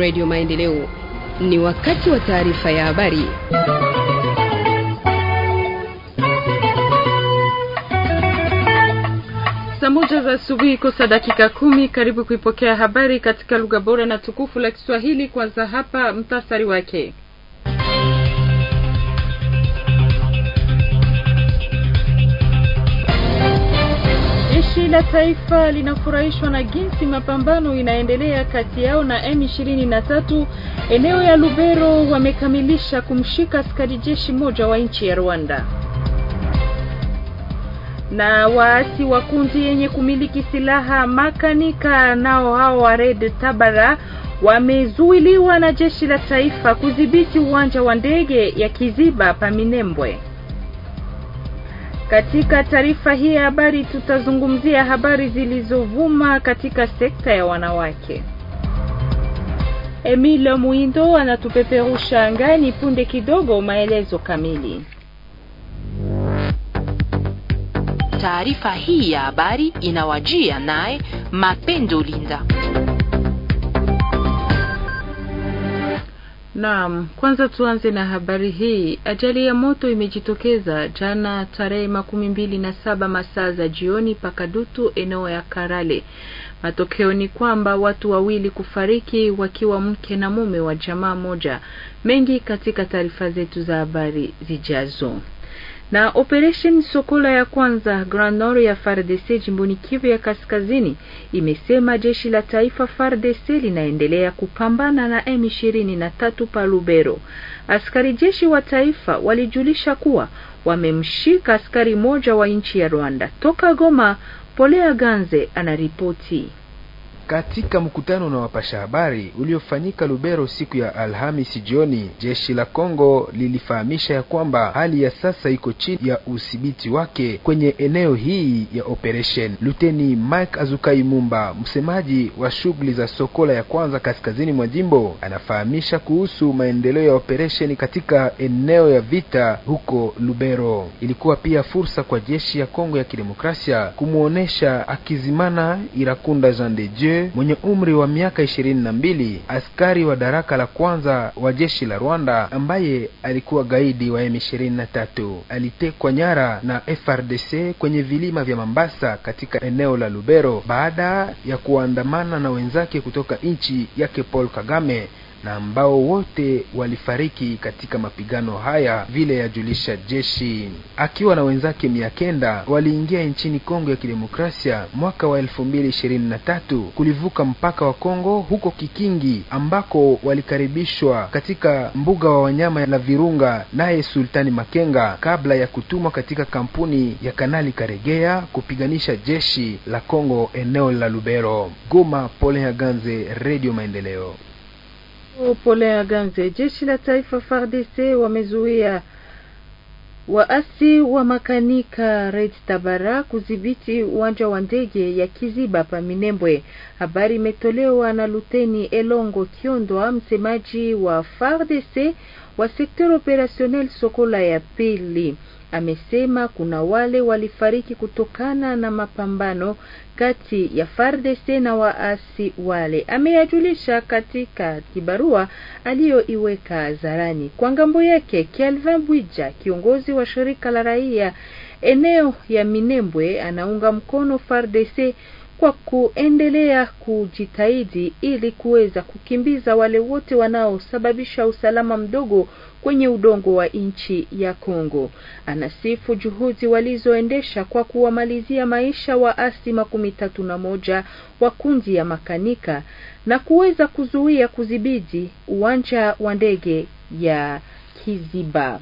Radio Maendeleo. Ni wakati wa taarifa ya habari. Saa moja za asubuhi kosa dakika kumi. Karibu kuipokea habari katika lugha bora na tukufu la Kiswahili. Kwanza hapa mtasari wake. Jeshi la taifa linafurahishwa na jinsi mapambano inaendelea kati yao na M23 eneo ya Lubero. Wamekamilisha kumshika askari jeshi mmoja wa nchi ya Rwanda. Na waasi wa kundi yenye kumiliki silaha makanika nao hao wa Red Tabara wamezuiliwa na jeshi la taifa kudhibiti uwanja wa ndege ya Kiziba pa Minembwe. Katika taarifa hii ya habari tutazungumzia habari zilizovuma katika sekta ya wanawake. Emile Muindo anatupeperusha angani punde kidogo maelezo kamili. Taarifa hii ya habari inawajia naye Mapendo Linda. Naam, kwanza tuanze na habari hii. Ajali ya moto imejitokeza jana tarehe makumi mbili na saba masaa za jioni Pakadutu, eneo ya Karale. Matokeo ni kwamba watu wawili kufariki wakiwa mke na mume wa jamaa moja. Mengi katika taarifa zetu za habari zijazo na Operation Sokola ya kwanza Grand Nord ya FARDC jimboni Kivu ya Kaskazini imesema jeshi la taifa FARDC linaendelea kupambana na M23 pa Lubero. Askari jeshi wa taifa walijulisha kuwa wamemshika askari mmoja wa nchi ya Rwanda. Toka Goma, Polea Ganze anaripoti. Katika mkutano na wapasha habari uliofanyika Lubero siku ya Alhamisi jioni, jeshi la Kongo lilifahamisha ya kwamba hali ya sasa iko chini ya udhibiti wake kwenye eneo hii ya operation. Luteni Mike Azukai Mumba, msemaji wa shughuli za Sokola ya kwanza kaskazini mwa jimbo, anafahamisha kuhusu maendeleo ya operation katika eneo ya vita huko Lubero. Ilikuwa pia fursa kwa jeshi ya Kongo ya Kidemokrasia kumwonyesha akizimana Irakunda Jean de Dieu mwenye umri wa miaka ishirini na mbili, askari wa daraka la kwanza wa jeshi la Rwanda ambaye alikuwa gaidi wa M23. Alitekwa nyara na FRDC kwenye vilima vya Mambasa katika eneo la Lubero baada ya kuandamana na wenzake kutoka nchi yake Paul Kagame na ambao wote walifariki katika mapigano haya, vile yajulisha jeshi. Akiwa na wenzake mia kenda waliingia nchini Kongo ya Kidemokrasia mwaka wa elfu mbili ishirini na tatu kulivuka mpaka wa Kongo huko Kikingi, ambako walikaribishwa katika mbuga wa wanyama la Virunga naye Sultani Makenga kabla ya kutumwa katika kampuni ya Kanali Karegeya kupiganisha jeshi la Kongo eneo la Lubero. Goma, Pole Haganze, redio Maendeleo. Polin Aganze. Jeshi la taifa FARDC wamezuia waasi wa makanika Red Tabara kudhibiti uwanja wa ndege ya Kiziba pa Minembwe. Habari imetolewa na Luteni Elongo Kiondwa, msemaji wa FARDC wa sekta opérationnel Sokola ya pili amesema kuna wale walifariki kutokana na mapambano kati ya FARDC na waasi wale. Ameyajulisha katika kibarua aliyoiweka hadharani. Kwa ngambo yake, Kelvin Bwija, kiongozi wa shirika la raia eneo ya Minembwe, anaunga mkono FARDC kwa kuendelea kujitahidi ili kuweza kukimbiza wale wote wanaosababisha usalama mdogo kwenye udongo wa nchi ya Kongo. Anasifu juhudi walizoendesha kwa kuwamalizia maisha waasi makumi tatu na moja wa kundi ya makanika na kuweza kuzuia kudhibiti uwanja wa ndege ya Kiziba.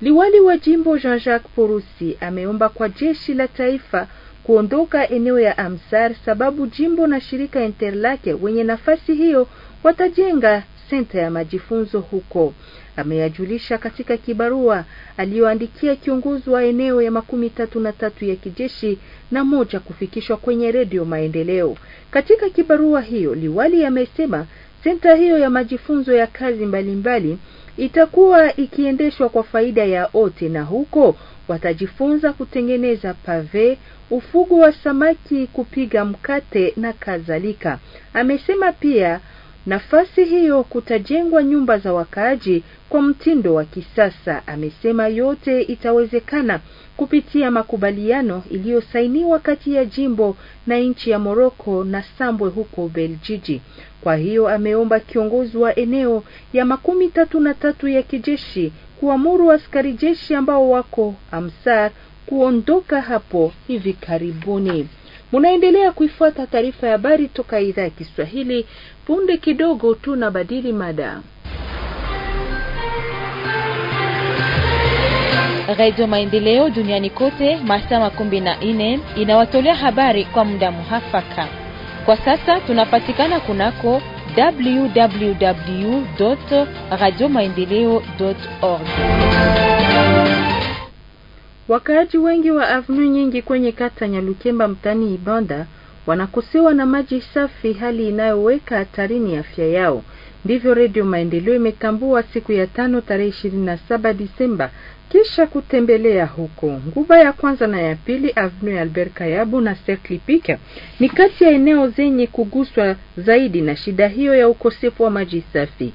Liwali wa jimbo Jean-Jacques Porusi ameomba kwa jeshi la taifa kuondoka eneo ya Amsar sababu jimbo na shirika Interlake wenye nafasi hiyo watajenga senta ya majifunzo huko. Ameyajulisha katika kibarua aliyoandikia kiongozi wa eneo ya makumi tatu na tatu ya kijeshi na moja kufikishwa kwenye redio Maendeleo. Katika kibarua hiyo, liwali amesema Senta hiyo ya majifunzo ya kazi mbalimbali itakuwa ikiendeshwa kwa faida ya wote, na huko watajifunza kutengeneza pave, ufugo wa samaki, kupiga mkate na kadhalika. Amesema pia nafasi hiyo kutajengwa nyumba za wakaaji kwa mtindo wa kisasa. Amesema yote itawezekana kupitia makubaliano iliyosainiwa kati ya jimbo na nchi ya Moroko na Sambwe huko beljiji Kwa hiyo ameomba kiongozi wa eneo ya makumi tatu na tatu ya kijeshi kuamuru askari jeshi ambao wako Amsar kuondoka hapo hivi karibuni. Munaendelea kuifuata taarifa ya habari toka idhaa ya Kiswahili. Punde kidogo tunabadili mada. Radio Maendeleo duniani kote masaa makumi na nne inawatolea habari kwa muda muhafaka. Kwa sasa tunapatikana kunako www radio maendeleo org. Wakaaji wengi wa avenu nyingi kwenye kata Nyalukemba mtani Ibanda wanakosewa na maji safi, hali inayoweka hatarini afya yao. Ndivyo Redio Maendeleo imetambua siku ya tano tarehe 27 Disemba kisha kutembelea huko nguva ya kwanza na ya pili Avenue Albert Kayabu na Cercle Pique ni kati ya eneo zenye kuguswa zaidi na shida hiyo ya ukosefu wa maji safi.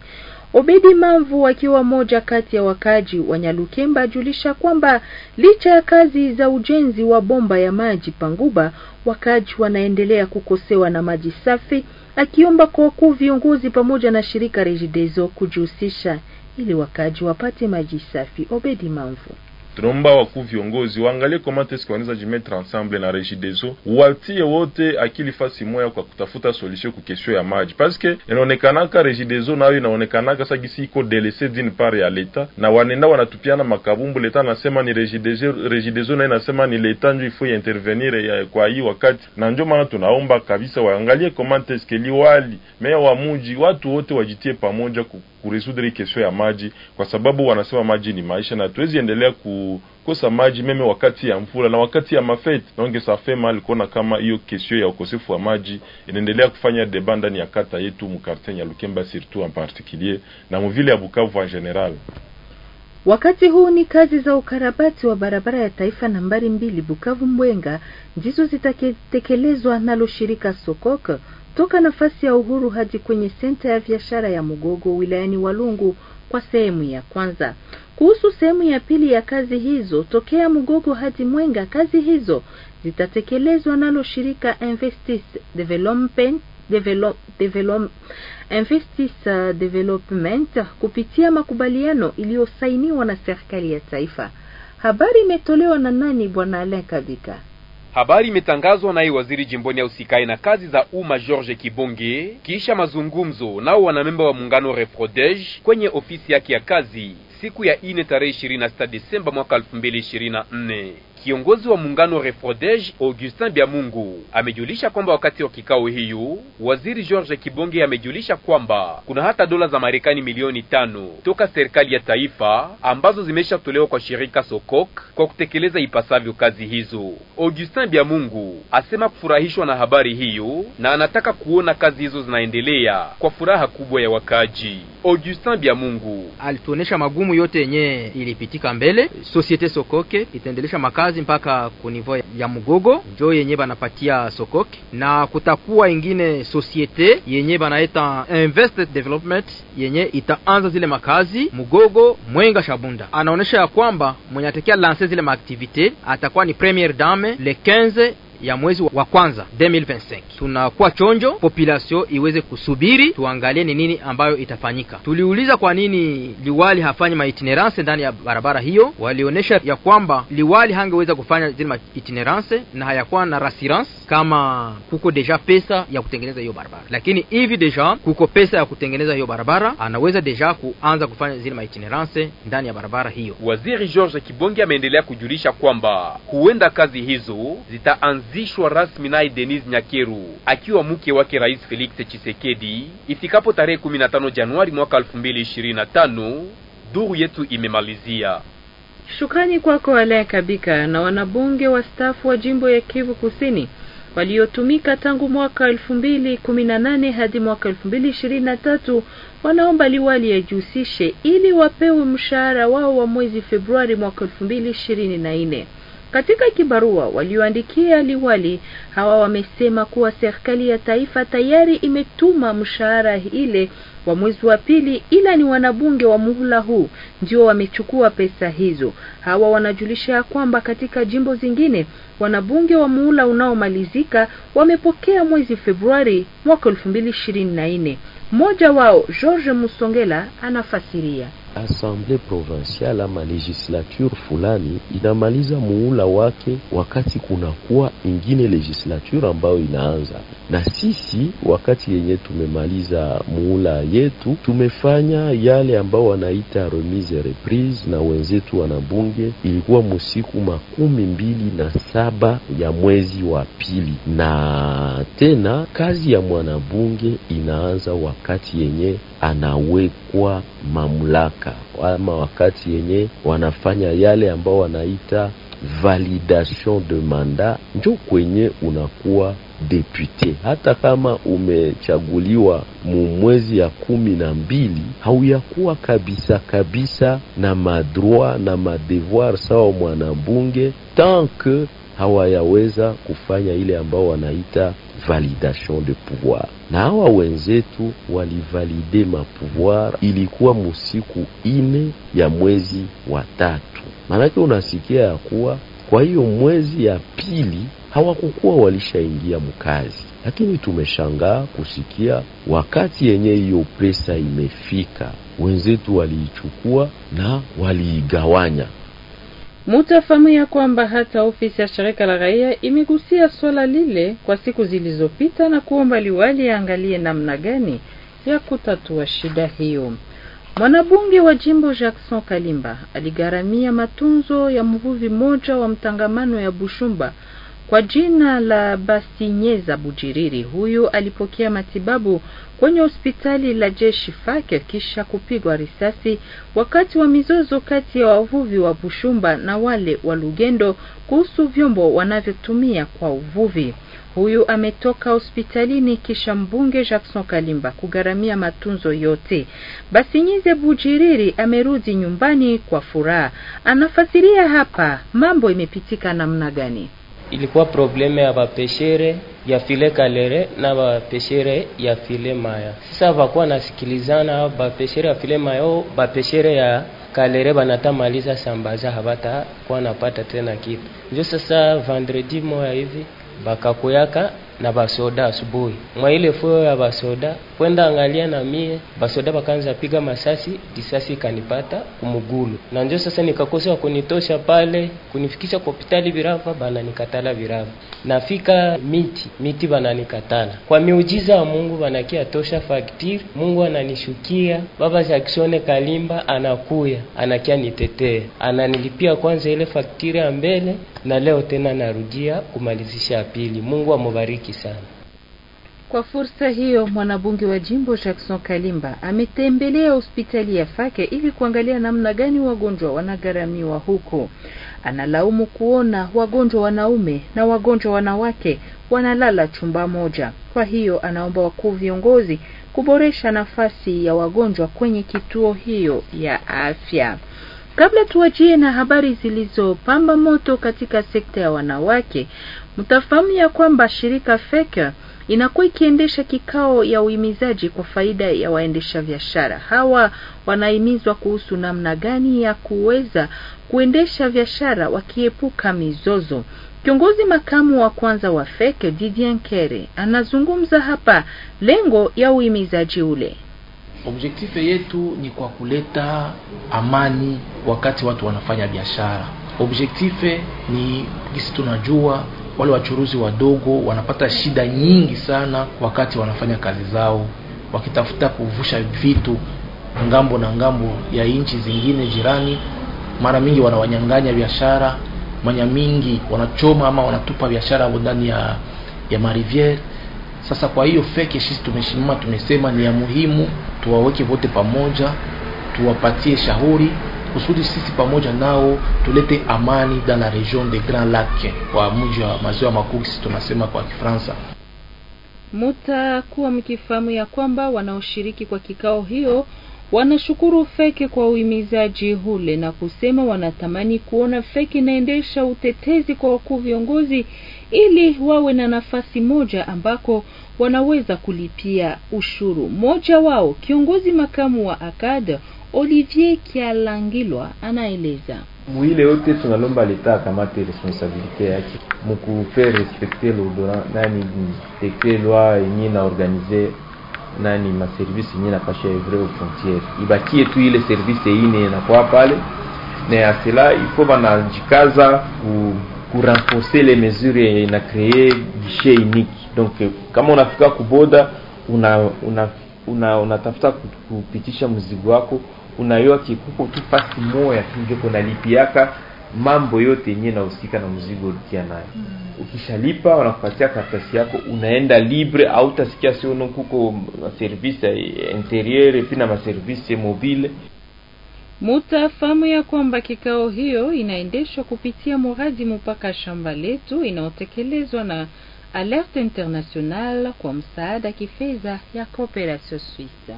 Obedi Mamvu akiwa moja kati ya wakaaji wa Nyalukemba ajulisha kwamba licha ya kazi za ujenzi wa bomba ya maji Panguba, wakaaji wanaendelea kukosewa na maji safi, akiomba kwa wakuu viongozi pamoja na shirika Regideso kujihusisha ili wakaji wapate maji safi. Obedi Mamvu tunaomba wakuu viongozi waangalie comment est-ce que wanaweza jimetre ensemble na Regideso, watie wote akili fasi moya kwa kutafuta solution ku question ya maji, parce que inaonekanaka Regideso nayo inaonekanaka sasa gisi iko delese dini part ya leta, na wanenda wanatupiana makabumbu. Leta nasema ni Regideso, Regideso nayo nasema ni leta, ndio ifo intervenir kwa hii wakati, na ndio maana tunaomba kabisa waangalie comment est-ce liwali meya wa muji watu wote wajitie pamoja ku kuresudre kesho ya maji, kwa sababu wanasema maji ni maisha na tuwezi endelea kukosa maji meme wakati ya mvula na wakati ya mafeti naonge safema alikuona kama hiyo kesho ya ukosefu wa maji inaendelea kufanya deba ndani ya kata yetu mkarten ya Lukemba surtout en particulier na mvile ya Bukavu en general. Wakati huu ni kazi za ukarabati wa barabara ya taifa nambari mbili Bukavu Mbwenga ndizo zitatekelezwa nalo shirika Sokoko toka nafasi ya Uhuru hadi kwenye senta ya biashara ya Mugogo wilayani Walungu kwa sehemu ya kwanza. Kuhusu sehemu ya pili ya kazi hizo tokea Mugogo hadi Mwenga, kazi hizo zitatekelezwa nalo shirika Investis Development Develop, develop, Investis uh, Development kupitia makubaliano iliyosainiwa na serikali ya taifa. Habari imetolewa na nani? Bwana Alain Kabika. Habari imetangazwa naye waziri jimboni usikai na kazi za umma George Kibonge kisha mazungumzo nao wanamemba wa muungano Reprodege kwenye ofisi yake ya kazi siku ya ine tarehe 26 Desemba mwaka 2024. Kiongozi wa muungano Refrodege Augustin Byamungu amejulisha kwamba wakati wa kikao hiyo, waziri George Kibonge amejulisha kwamba kuna hata dola za Marekani milioni tano toka serikali ya taifa ambazo zimeshatolewa kwa shirika Sokok kwa kutekeleza ipasavyo kazi hizo. Augustin Byamungu asema kufurahishwa na habari hiyo na anataka kuona kazi hizo zinaendelea kwa furaha kubwa ya wakaji. Augustin Byamungu alituonesha magumu yote yenye ilipitika mbele, societe Sokoke itaendelesha makazi kazi mpaka kunivo ya Mugogo njo yenye banapatia Sokoke, na kutakuwa ingine societe yenye banaeta Invest Development yenye itaanza zile makazi Mugogo Mwenga Shabunda. Anaonesha ya kwamba mwenye atakia lanse zile maaktivite atakuwa ni premier dame le 15 ya mwezi wa kwanza 2025. Tunakuwa chonjo population iweze kusubiri, tuangalie ni nini ambayo itafanyika. Tuliuliza kwa nini liwali hafanyi maitinerance ndani ya barabara hiyo, walionyesha ya kwamba liwali hangeweza kufanya zile maitinerance na hayakuwa na rassurance kama kuko deja pesa ya kutengeneza hiyo barabara, lakini hivi deja kuko pesa ya kutengeneza hiyo barabara, anaweza deja kuanza kufanya zile maitinerance ndani ya barabara hiyo. Waziri George Kibonge ameendelea kujulisha kwamba huenda kazi hizo zitaanza kuanzishwa rasmi naye Denis Nyakeru akiwa mke wake Rais Felix Tshisekedi ifikapo tarehe 15 Januari mwaka 2025, duru yetu imemalizia. Shukrani kwako Alea Kabika na wanabunge wastaafu wa jimbo ya Kivu Kusini waliotumika tangu mwaka 2018 hadi mwaka 2023 wanaomba liwali ajihusishe ili wapewe mshahara wao wa mwezi Februari mwaka 2024. Katika kibarua walioandikia liwali hawa wamesema kuwa serikali ya taifa tayari imetuma mshahara ile wa mwezi wa pili, ila ni wanabunge wa muhula huu ndio wamechukua pesa hizo. Hawa wanajulisha ya kwamba katika jimbo zingine wanabunge wa muhula unaomalizika wamepokea mwezi Februari mwaka 2024. Mmoja wao George Musongela anafasiria asamble provinciale ama legislature fulani inamaliza muula wake, wakati kunakuwa ingine legislature ambayo inaanza. Na sisi wakati yenye tumemaliza muula yetu tumefanya yale ambao wanaita remise reprise na wenzetu wanabunge, ilikuwa musiku makumi mbili na saba ya mwezi wa pili, na tena kazi ya mwanabunge inaanza wakati yenye anawekwa mamlaka ama wakati yenye wanafanya yale ambao wanaita validation de mandat, njo kwenye unakuwa depute. Hata kama umechaguliwa mu mwezi ya kumi na mbili, hauyakuwa kabisa kabisa na madroit na madevoir sawa mwanabunge tanke hawayaweza kufanya ile ambao wanaita validation de pouvoir, na hawa wenzetu walivalide mapouvoir ilikuwa musiku ine ya mwezi wa tatu. Maanake unasikia ya kuwa kwa hiyo mwezi ya pili hawakukuwa walishaingia mkazi, lakini tumeshangaa kusikia wakati yenye hiyo pesa imefika wenzetu waliichukua na waliigawanya Mutafahamu ya kwamba hata ofisi ya shirika la raia imegusia swala lile kwa siku zilizopita na kuomba liwali angalie namna gani ya kutatua shida hiyo. Mwanabunge wa jimbo Jackson Kalimba aligharamia matunzo ya mvuvi mmoja wa mtangamano ya Bushumba kwa jina la basinyeza Bujiriri. Huyu alipokea matibabu kwenye hospitali la jeshi Fake kisha kupigwa risasi wakati wa mizozo kati ya wavuvi wa Bushumba na wale wa Lugendo kuhusu vyombo wanavyotumia kwa uvuvi. Huyu ametoka hospitalini kisha mbunge Jackson Kalimba kugharamia matunzo yote. Basinyize Bujiriri amerudi nyumbani kwa furaha. Anafasiria hapa mambo imepitika namna gani ilikuwa probleme ya bapeshere ya file Kalere na bapeshere ya file Maya. Sasa bakuwa nasikilizana, bapeshere ya file Maya o oh, bapeshere ya Kalere banatamaliza sambaza, habata kuwa napata tena kitu. Ndio sasa vendredi moya hivi bakakuyaka na basoda asubuhi mwa ile fuo ya basoda kwenda angalia na mie basoda bakaanza piga masasi, disasi ikanipata kumugulu, na njo sasa nikakosa kunitosha pale kunifikisha kwa hospitali Virava, bananikatala Virava. Nafika miti miti, bananikatala kwa miujiza wa Mungu, banakia tosha faktiri. Mungu ananishukia baba Jackson Kalimba, anakuya anakia nitetee, ananilipia kwanza ile faktiri ya mbele, na leo tena narudia kumalizisha pili. Mungu amubariki nyingi sana. Kwa fursa hiyo, mwanabunge wa jimbo Jackson Kalimba ametembelea hospitali ya Fake ili kuangalia namna gani wagonjwa wanagharamiwa huko. Analaumu kuona wagonjwa wanaume na wagonjwa wanawake wanalala chumba moja. Kwa hiyo anaomba wakuu viongozi kuboresha nafasi ya wagonjwa kwenye kituo hiyo ya afya. Kabla tuwajie na habari zilizopamba moto katika sekta ya wanawake, Mtafahamu ya kwamba shirika feka inakuwa ikiendesha kikao ya uhimizaji kwa faida ya waendesha biashara hawa. Wanahimizwa kuhusu namna gani ya kuweza kuendesha biashara wakiepuka mizozo. Kiongozi makamu wa kwanza wa feke Didien Kere anazungumza hapa lengo ya uhimizaji ule. Objektifu yetu ni kwa kuleta amani wakati watu wanafanya biashara. Objektife ni kisi tunajua wale wachuruzi wadogo wanapata shida nyingi sana wakati wanafanya kazi zao, wakitafuta kuvusha vitu ngambo na ngambo ya nchi zingine jirani. Mara mingi wanawanyang'anya biashara, manya mingi wanachoma ama wanatupa biashara ndani ya ya mariviere. Sasa kwa hiyo feke, sisi tumeshimama, tumesema ni ya muhimu tuwaweke wote pamoja, tuwapatie shauri kusudi sisi pamoja nao tulete amani dans la region des Grands Lacs kwa mji wa maziwa makuu, sisi tunasema kwa Kifaransa. Mutakuwa mkifahamu ya kwamba wanaoshiriki kwa kikao hiyo wanashukuru feke kwa uhimizaji hule na kusema wanatamani kuona feke inaendesha utetezi kwa wakuu viongozi ili wawe na nafasi moja ambako wanaweza kulipia ushuru. Mmoja wao kiongozi makamu wa akada Olivier Kialangilwa anaeleza. Mwile yote tunalomba leta akamate responsabilite yake mukufaire respecter l'ordonnance nani dekre lwa yenye na organize nani maservice yenye napasha evre au frontiere, ibakie tu ile service ine nakwa pale na ya cela ifo banajikaza ku kurenforcer les mesures na créer guichet unique. Donc kama unafika kuboda una unatafuta una, una kupitisha mzigo wako unayoaki kuko tu fasi moya tu ndio mambo yote na nahusika na mzigo ulikia nayo mm. ukishalipa wanakupatia karatasi yako unaenda libre au utasikia siono kuko maservise interiere pi na maservise mobile famu ya kwamba kikao hiyo inaendeshwa kupitia muradi mpaka shamba letu inayotekelezwa na Alerte International kwa msaada kifedha ya Cooperation Suisse.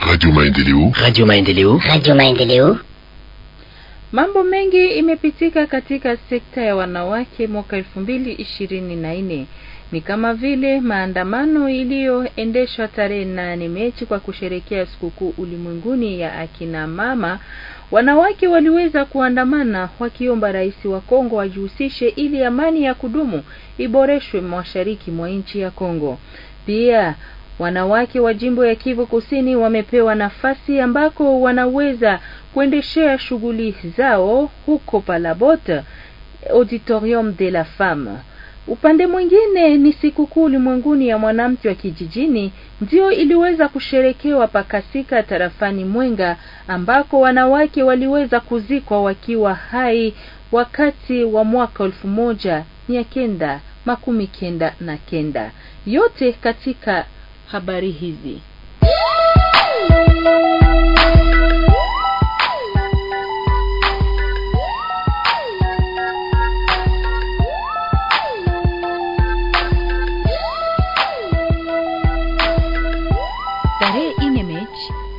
Radio Maendeleo, Radio Maendeleo, Radio Maendeleo. Mambo mengi imepitika katika sekta ya wanawake mwaka elfu mbili ishirini na nne ni kama vile maandamano iliyoendeshwa tarehe nane Mechi kwa kusherekea sikukuu ulimwenguni ya akina mama. Wanawake waliweza kuandamana wakiomba rais wa Kongo ajihusishe ili amani ya kudumu iboreshwe mashariki mwa nchi ya Kongo. Pia Wanawake wa jimbo ya Kivu Kusini wamepewa nafasi ambako wanaweza kuendeshea shughuli zao huko Palabot, Auditorium de la Femme. Upande mwingine ni sikukuu ulimwenguni ya mwanamke wa kijijini ndio iliweza kusherekewa Pakasika tarafani Mwenga, ambako wanawake waliweza kuzikwa wakiwa hai wakati wa mwaka elfu moja mia kenda makumi kenda na kenda yote katika habari hizi.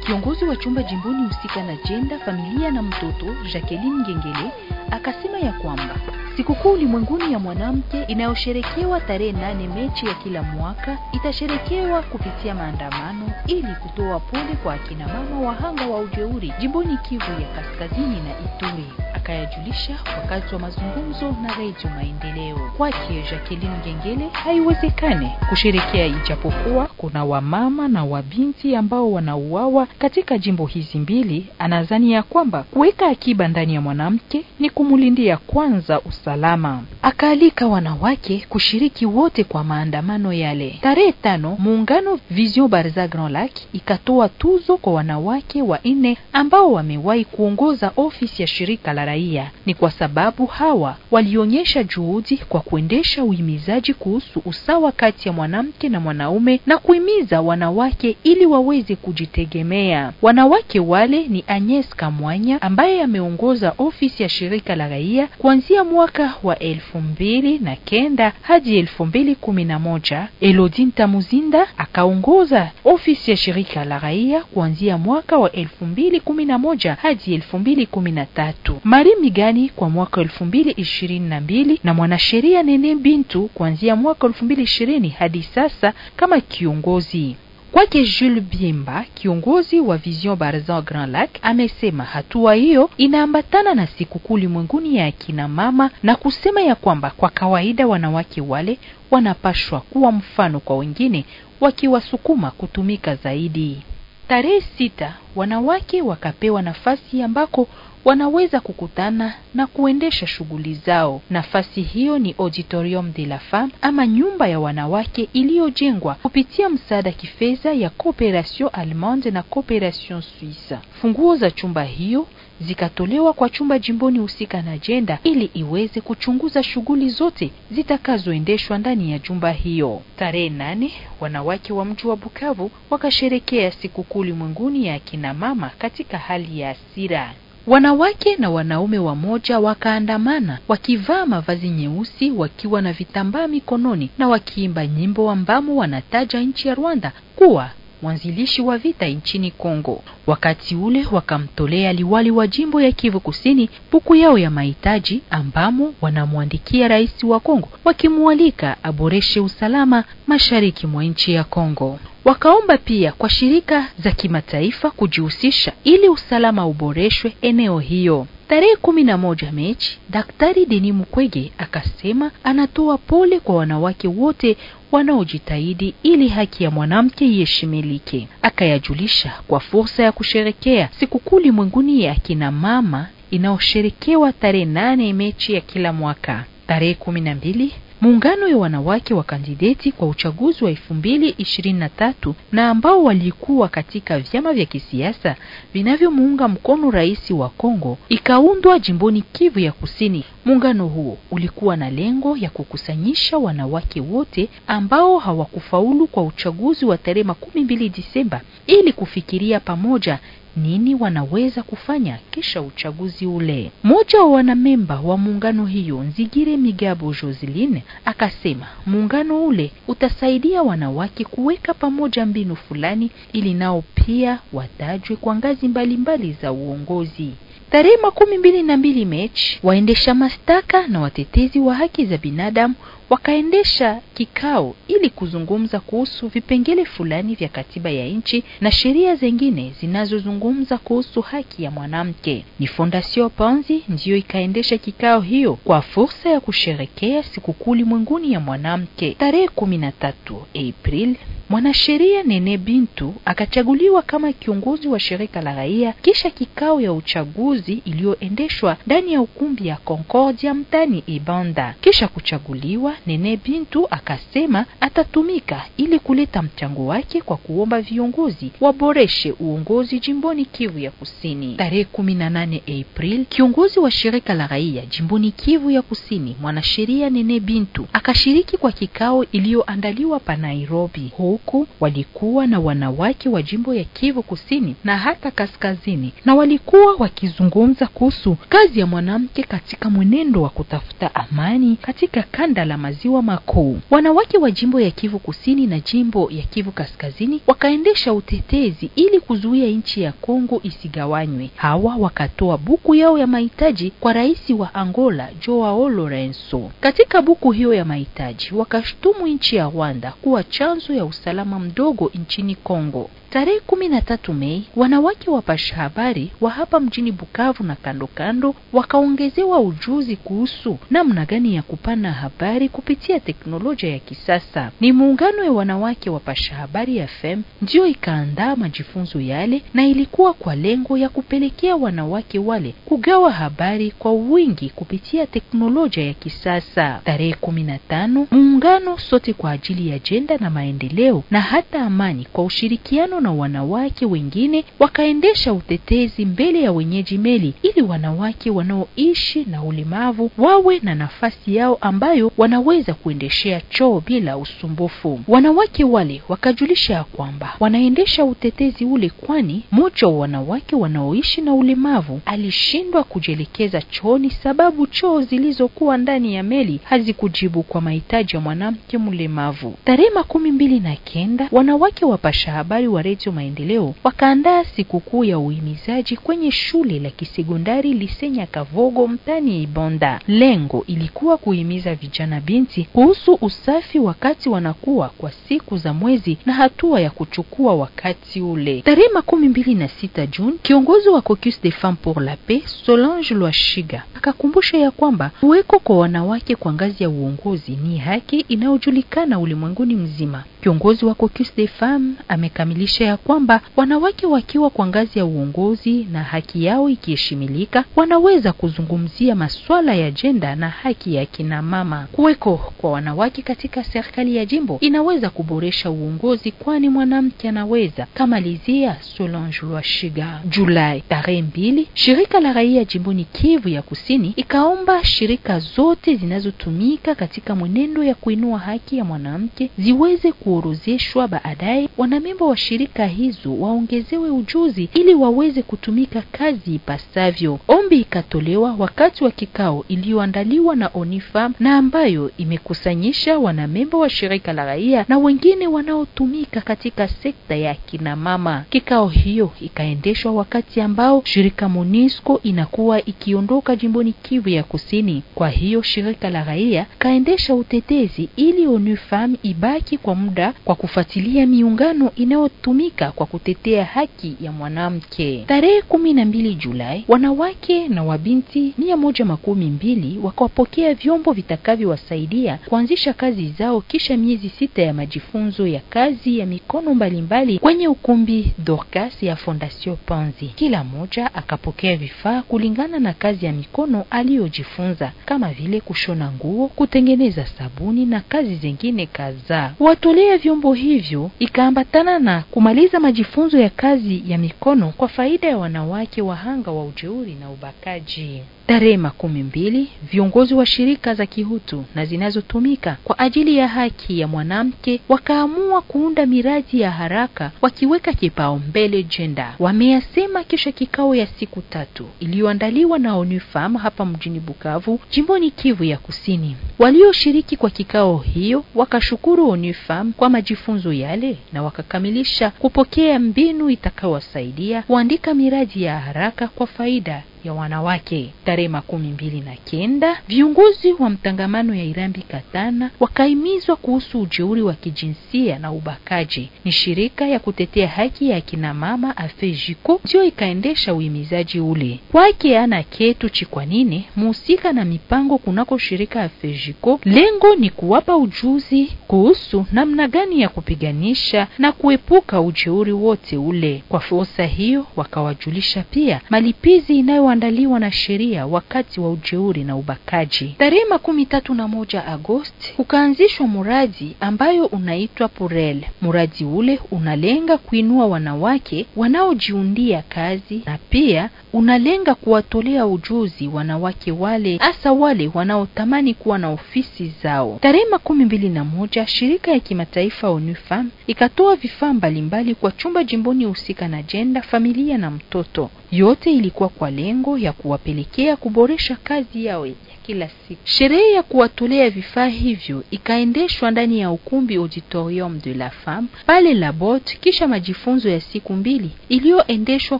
Kiongozi wa chumba jimboni husika na jenda, familia na mtoto, Jacqueline Ngengele akasema ya kwamba Sikukuu ulimwenguni ya mwanamke inayosherekewa tarehe nane Mechi ya kila mwaka itasherekewa kupitia maandamano ili kutoa pole kwa akina mama wahanga wa ujeuri jimboni Kivu ya Kaskazini na Ituri. Akayajulisha wakati wa mazungumzo na Radio Maendeleo. Kwake Jacqueline Gengele, haiwezekane kusherekea ijapokuwa kuna wamama na wabinti ambao wanauawa katika jimbo hizi mbili, anadhani ya kwamba kuweka akiba ndani ya mwanamke ni kumulindia kwanza usalama. Akaalika wanawake kushiriki wote kwa maandamano yale. Tarehe tano, muungano Vision Barza Grand Lac ikatoa tuzo kwa wanawake wanne ambao wamewahi kuongoza ofisi ya shirika la raia. Ni kwa sababu hawa walionyesha juhudi kwa kuendesha uhimizaji kuhusu usawa kati ya mwanamke na mwanaume na ku kuhimiza wanawake ili waweze kujitegemea. Wanawake wale ni Agnes Kamwanya ambaye ameongoza ofisi ya shirika la raia kuanzia mwaka wa elfu mbili na kenda hadi elfu mbili kumi na moja. Elodin Tamuzinda akaongoza ofisi ya shirika la raia kuanzia mwaka wa elfu mbili kumi na moja hadi elfu mbili kumi na tatu. Mari Migani kwa mwaka elfu mbili ishirini na mbili na mwanasheria Nene Bintu kuanzia mwaka elfu mbili ishirini hadi sasa kama kiungo uongozi. Kwake Jules Biemba, kiongozi wa Vision Barzan Grand Lac, amesema hatua hiyo inaambatana na sikukuu ulimwenguni ya akina mama na kusema ya kwamba kwa kawaida wanawake wale wanapashwa kuwa mfano kwa wengine, wakiwasukuma kutumika zaidi. Tarehe sita wanawake wakapewa nafasi ambako wanaweza kukutana na kuendesha shughuli zao. Nafasi hiyo ni Auditorium de la Femme ama nyumba ya wanawake iliyojengwa kupitia msaada kifedha ya Cooperation Allemande na Cooperation Suisse. Funguo za chumba hiyo zikatolewa kwa chumba jimboni husika na ajenda ili iweze kuchunguza shughuli zote zitakazoendeshwa ndani ya jumba hiyo. Tarehe nane wanawake wa mji wa Bukavu wakasherekea sikukuu ulimwenguni ya akinamama mama katika hali ya asira Wanawake na wanaume wamoja wakaandamana wakivaa mavazi nyeusi wakiwa na vitambaa mikononi na wakiimba nyimbo ambamo wanataja nchi ya Rwanda kuwa mwanzilishi wa vita nchini Kongo. Wakati ule wakamtolea liwali wa jimbo ya Kivu Kusini buku yao ya mahitaji ambamo wanamwandikia rais wa Kongo wakimwalika aboreshe usalama mashariki mwa nchi ya Kongo. Wakaomba pia kwa shirika za kimataifa kujihusisha ili usalama uboreshwe eneo hiyo. Tarehe kumi na moja Mechi, Daktari Denis Mukwege akasema anatoa pole kwa wanawake wote wanaojitahidi ili haki ya mwanamke iheshimilike. Akayajulisha kwa fursa ya kusherekea sikukuu ulimwenguni ya akina mama inayosherekewa tarehe nane Mechi ya kila mwaka. Tarehe kumi na mbili muungano ya wanawake wa kandideti kwa uchaguzi wa elfu mbili ishirini na tatu na ambao walikuwa katika vyama vya kisiasa vinavyomuunga mkono rais wa Kongo ikaundwa jimboni Kivu ya Kusini. Muungano huo ulikuwa na lengo ya kukusanyisha wanawake wote ambao hawakufaulu kwa uchaguzi wa tarehe makumi mbili Disemba ili kufikiria pamoja nini wanaweza kufanya kisha uchaguzi ule. Mmoja wa wanamemba wa muungano hiyo Nzigire Migabo Joseline akasema muungano ule utasaidia wanawake kuweka pamoja mbinu fulani ili nao pia watajwe kwa ngazi mbalimbali mbali za uongozi. Tarehe makumi mbili na mbili Mechi, waendesha mashtaka na watetezi wa haki za binadamu wakaendesha kikao ili kuzungumza kuhusu vipengele fulani vya katiba ya nchi na sheria zingine zinazozungumza kuhusu haki ya mwanamke. Ni Fondation Panzi ndiyo ikaendesha kikao hiyo kwa fursa ya kusherekea sikukuu limwenguni ya mwanamke tarehe kumi na tatu Aprili. Mwanasheria Nene Bintu akachaguliwa kama kiongozi wa shirika la raia kisha kikao ya uchaguzi iliyoendeshwa ndani ya ukumbi ya Concordia mtani Ibanda. Kisha kuchaguliwa Nene Bintu akasema atatumika ili kuleta mchango wake kwa kuomba viongozi waboreshe uongozi jimboni Kivu ya Kusini. Tarehe 18 april kiongozi wa shirika la raia jimboni Kivu ya Kusini, mwanasheria Nene Bintu akashiriki kwa kikao iliyoandaliwa pa Nairobi. Huku walikuwa na wanawake wa jimbo ya Kivu Kusini na hata kaskazini, na walikuwa wakizungumza kuhusu kazi ya mwanamke katika mwenendo wa kutafuta amani katika kanda la maziwa makuu. Wanawake wa jimbo ya Kivu Kusini na jimbo ya Kivu Kaskazini wakaendesha utetezi ili kuzuia nchi ya Kongo isigawanywe. Hawa wakatoa buku yao ya mahitaji kwa rais wa Angola Joao Lorenzo. Katika buku hiyo ya mahitaji, wakashtumu nchi ya Rwanda kuwa chanzo ya usalama mdogo nchini Kongo. Tarehe kumi na tatu Mei, wanawake wapasha habari wa hapa mjini Bukavu na kando kando wakaongezewa ujuzi kuhusu namna gani ya kupana habari kupitia teknolojia ya kisasa. Ni muungano ya wanawake wapasha habari ya FM ndiyo ikaandaa majifunzo yale, na ilikuwa kwa lengo ya kupelekea wanawake wale kugawa habari kwa wingi kupitia teknolojia ya kisasa. Tarehe kumi na tano muungano sote kwa ajili ya jenda na maendeleo na hata amani kwa ushirikiano na wanawake wengine wakaendesha utetezi mbele ya wenyeji meli ili wanawake wanaoishi na ulemavu wawe na nafasi yao ambayo wanaweza kuendeshea choo bila usumbufu. Wanawake wale wakajulisha ya kwamba wanaendesha utetezi ule, kwani mmoja wa wanawake wanaoishi na ulemavu alishindwa kujielekeza chooni sababu choo zilizokuwa ndani ya meli hazikujibu kwa mahitaji ya mwanamke mlemavu. Tarehe makumi mbili na kenda wanawake wapasha habari wa Redio Maendeleo wakaandaa sikukuu ya uhimizaji kwenye shule la kisekondari Lisenya Kavogo mtani Ibonda. Lengo ilikuwa kuhimiza vijana binti kuhusu usafi wakati wanakuwa kwa siku za mwezi na hatua ya kuchukua wakati ule. Tarehe makumi mbili na sita Juni, kiongozi wa Caucus des Femmes pour la Paix Solange Lwashiga akakumbusha ya kwamba kuweko kwa wanawake kwa ngazi ya uongozi ni haki inayojulikana ulimwenguni mzima. Kiongozi wa Caucus des Femmes amekamilisha ya kwamba wanawake wakiwa kwa ngazi ya uongozi na haki yao ikiheshimilika, wanaweza kuzungumzia masuala ya jenda na haki ya kina mama. Kuweko kwa wanawake katika serikali ya jimbo inaweza kuboresha uongozi, kwani mwanamke anaweza. Kama lizia Solange Lwashiga. Julai tarehe mbili, shirika la raia jimboni Kivu ya Kusini ikaomba shirika zote zinazotumika katika mwenendo ya kuinua haki ya mwanamke ziweze ku kuorozeshwa baadaye, wanamemba wa shirika hizo waongezewe ujuzi ili waweze kutumika kazi ipasavyo. Ombi ikatolewa wakati wa kikao iliyoandaliwa na ONIFA na ambayo imekusanyisha wanamemba wa shirika la raia na wengine wanaotumika katika sekta ya kina mama. Kikao hiyo ikaendeshwa wakati ambao shirika MONUSCO inakuwa ikiondoka jimboni Kivu ya Kusini. Kwa hiyo shirika la raia kaendesha utetezi ili Onifam ibaki kwa muda bora kwa kufuatilia miungano inayotumika kwa kutetea haki ya mwanamke. Tarehe kumi na mbili Julai, wanawake na wabinti mia moja makumi mbili wakawapokea vyombo vitakavyowasaidia kuanzisha kazi zao kisha miezi sita ya majifunzo ya kazi ya mikono mbalimbali mbali kwenye ukumbi Dorcas ya Fondation Panzi. Kila mmoja akapokea vifaa kulingana na kazi ya mikono aliyojifunza kama vile kushona nguo, kutengeneza sabuni na kazi zingine kadhaa. Watolea ya vyombo hivyo ikaambatana na kumaliza majifunzo ya kazi ya mikono kwa faida ya wanawake wahanga wa ujeuri na ubakaji. Tarehe makumi mbili, viongozi wa shirika za kihutu na zinazotumika kwa ajili ya haki ya mwanamke wakaamua kuunda miradi ya haraka wakiweka kipao mbele jenda, wameyasema kisha kikao ya siku tatu iliyoandaliwa na ONUFEM hapa mjini Bukavu, jimboni Kivu ya Kusini. Walioshiriki kwa kikao hiyo wakashukuru ONUFEM kwa majifunzo yale na wakakamilisha kupokea mbinu itakayowasaidia kuandika miradi ya haraka kwa faida ya wanawake tarehe makumi mbili na kenda, viongozi wa mtangamano ya Irambi Katana wakaimizwa kuhusu ujeuri wa kijinsia na ubakaji. Ni shirika ya kutetea haki ya akina mama Afejiko ndio ikaendesha uhimizaji ule. Kwake ana Ketu Chikwanine, muhusika na mipango kunako shirika Afejiko, lengo ni kuwapa ujuzi kuhusu namna gani ya kupiganisha na kuepuka ujeuri wote ule. Kwa fursa hiyo wakawajulisha pia malipizi inayo yanayoandaliwa na sheria wakati wa ujeuri na ubakaji. Tarehe makumi tatu na moja Agosti kukaanzishwa muradi ambayo unaitwa Purel. Muradi ule unalenga kuinua wanawake wanaojiundia kazi na pia unalenga kuwatolea ujuzi wanawake wale hasa wale wanaotamani kuwa na ofisi zao. Tarehe makumi mbili na moja shirika ya kimataifa ONUFAM ikatoa vifaa mbalimbali kwa chumba jimboni husika na jenda, familia na mtoto. Yote ilikuwa kwa lengo mipango ya kuwapelekea kuboresha kazi yao kila siku. Sherehe ya kuwatolea vifaa hivyo ikaendeshwa ndani ya ukumbi Auditorium de la Femme pale la Bot, kisha majifunzo ya siku mbili iliyoendeshwa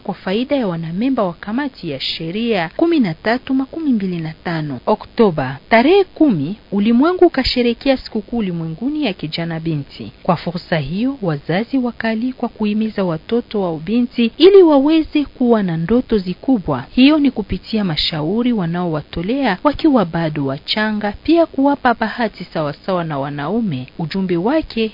kwa faida ya wanamemba wa kamati ya sheria kumi na tatu na Oktoba tarehe kumi, ulimwengu ukasherekea sikukuu ulimwenguni ya kijana binti. Kwa fursa hiyo, wazazi wakaalikwa kuhimiza watoto wa ubinti ili waweze kuwa na ndoto zikubwa. Hiyo ni kupitia mashauri wanaowatolea wakiwa wakiwa bado wachanga, pia kuwapa bahati sawasawa na wanaume. Ujumbe wake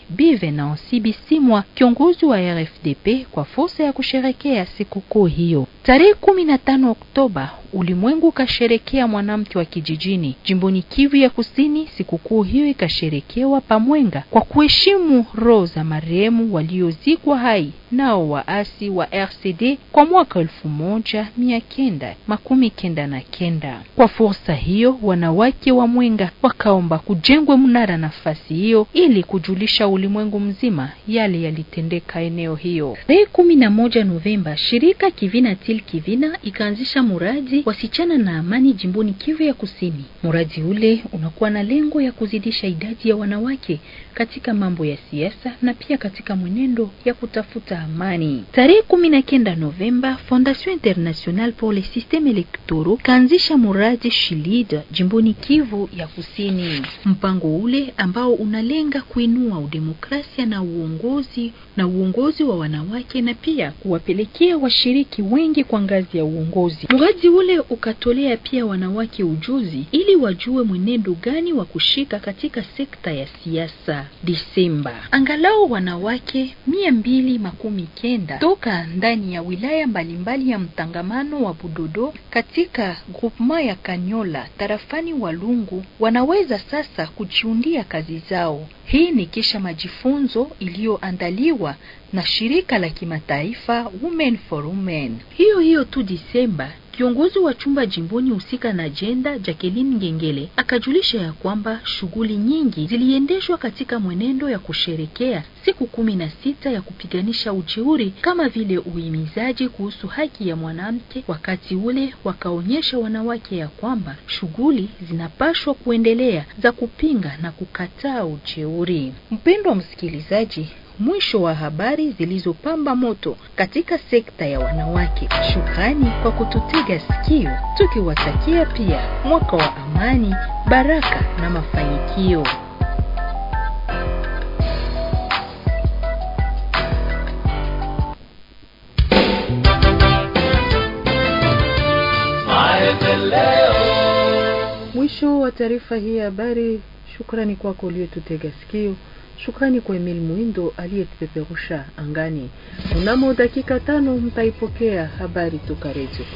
na Osibi Simwa, kiongozi wa RFDP, kwa fursa ya kusherekea sikukuu hiyo tarehe 15 Oktoba ulimwengu ukasherekea mwanamke wa kijijini jimboni Kivu ya Kusini. Sikukuu hiyo ikasherekewa Pamwenga kwa kuheshimu roho za marehemu waliozikwa hai nao waasi wa RCD kwa mwaka elfu moja mia kenda makumi kenda na kenda. Kwa fursa hiyo, wanawake wa Mwenga wakaomba kujengwe mnara nafasi hiyo ili kujulisha ulimwengu mzima yale yalitendeka eneo hiyo. Tarehe kumi na moja Novemba, shirika Kivina Til Kivina ikaanzisha muradi ulinzi wasichana na amani jimboni Kivu ya Kusini. Mradi ule unakuwa na lengo ya kuzidisha idadi ya wanawake katika mambo ya siasa na pia katika mwenendo ya kutafuta amani. Tarehe kumi na kenda Novemba, Fondation Internationale pour le Systeme Electoral kaanzisha mradi Shilida jimboni Kivu ya Kusini, mpango ule ambao unalenga kuinua udemokrasia na uongozi na uongozi wa wanawake na pia kuwapelekea washiriki wengi kwa ngazi ya uongozi. Mradi ule ule ukatolea pia wanawake ujuzi ili wajue mwenendo gani wa kushika katika sekta ya siasa. Disemba angalau wanawake mia mbili makumi kenda toka ndani ya wilaya mbalimbali ya mtangamano wa Budodo katika grupma ya Kanyola tarafani Walungu wanaweza sasa kujiundia kazi zao. Hii ni kisha majifunzo iliyoandaliwa na shirika la kimataifa Women for Women. Hiyo hiyo tu Disemba Kiongozi wa chumba jimboni husika na ajenda Jacqueline Ngengele akajulisha ya kwamba shughuli nyingi ziliendeshwa katika mwenendo ya kusherekea siku kumi na sita ya kupiganisha ujeuri kama vile uhimizaji kuhusu haki ya mwanamke. Wakati ule wakaonyesha wanawake ya kwamba shughuli zinapashwa kuendelea za kupinga na kukataa ujeuri. Mpendwa msikilizaji, mwisho wa habari zilizopamba moto katika sekta ya wanawake. Shukrani kwa kututega sikio, tukiwatakia pia mwaka wa amani, baraka na mafanikio. Mwisho wa taarifa hii ya habari. Shukrani kwako uliotutega sikio. Shukrani kwa Emil Muindo aliyetupeperusha angani. Mnamo dakika tano mtaipokea habari toka Radio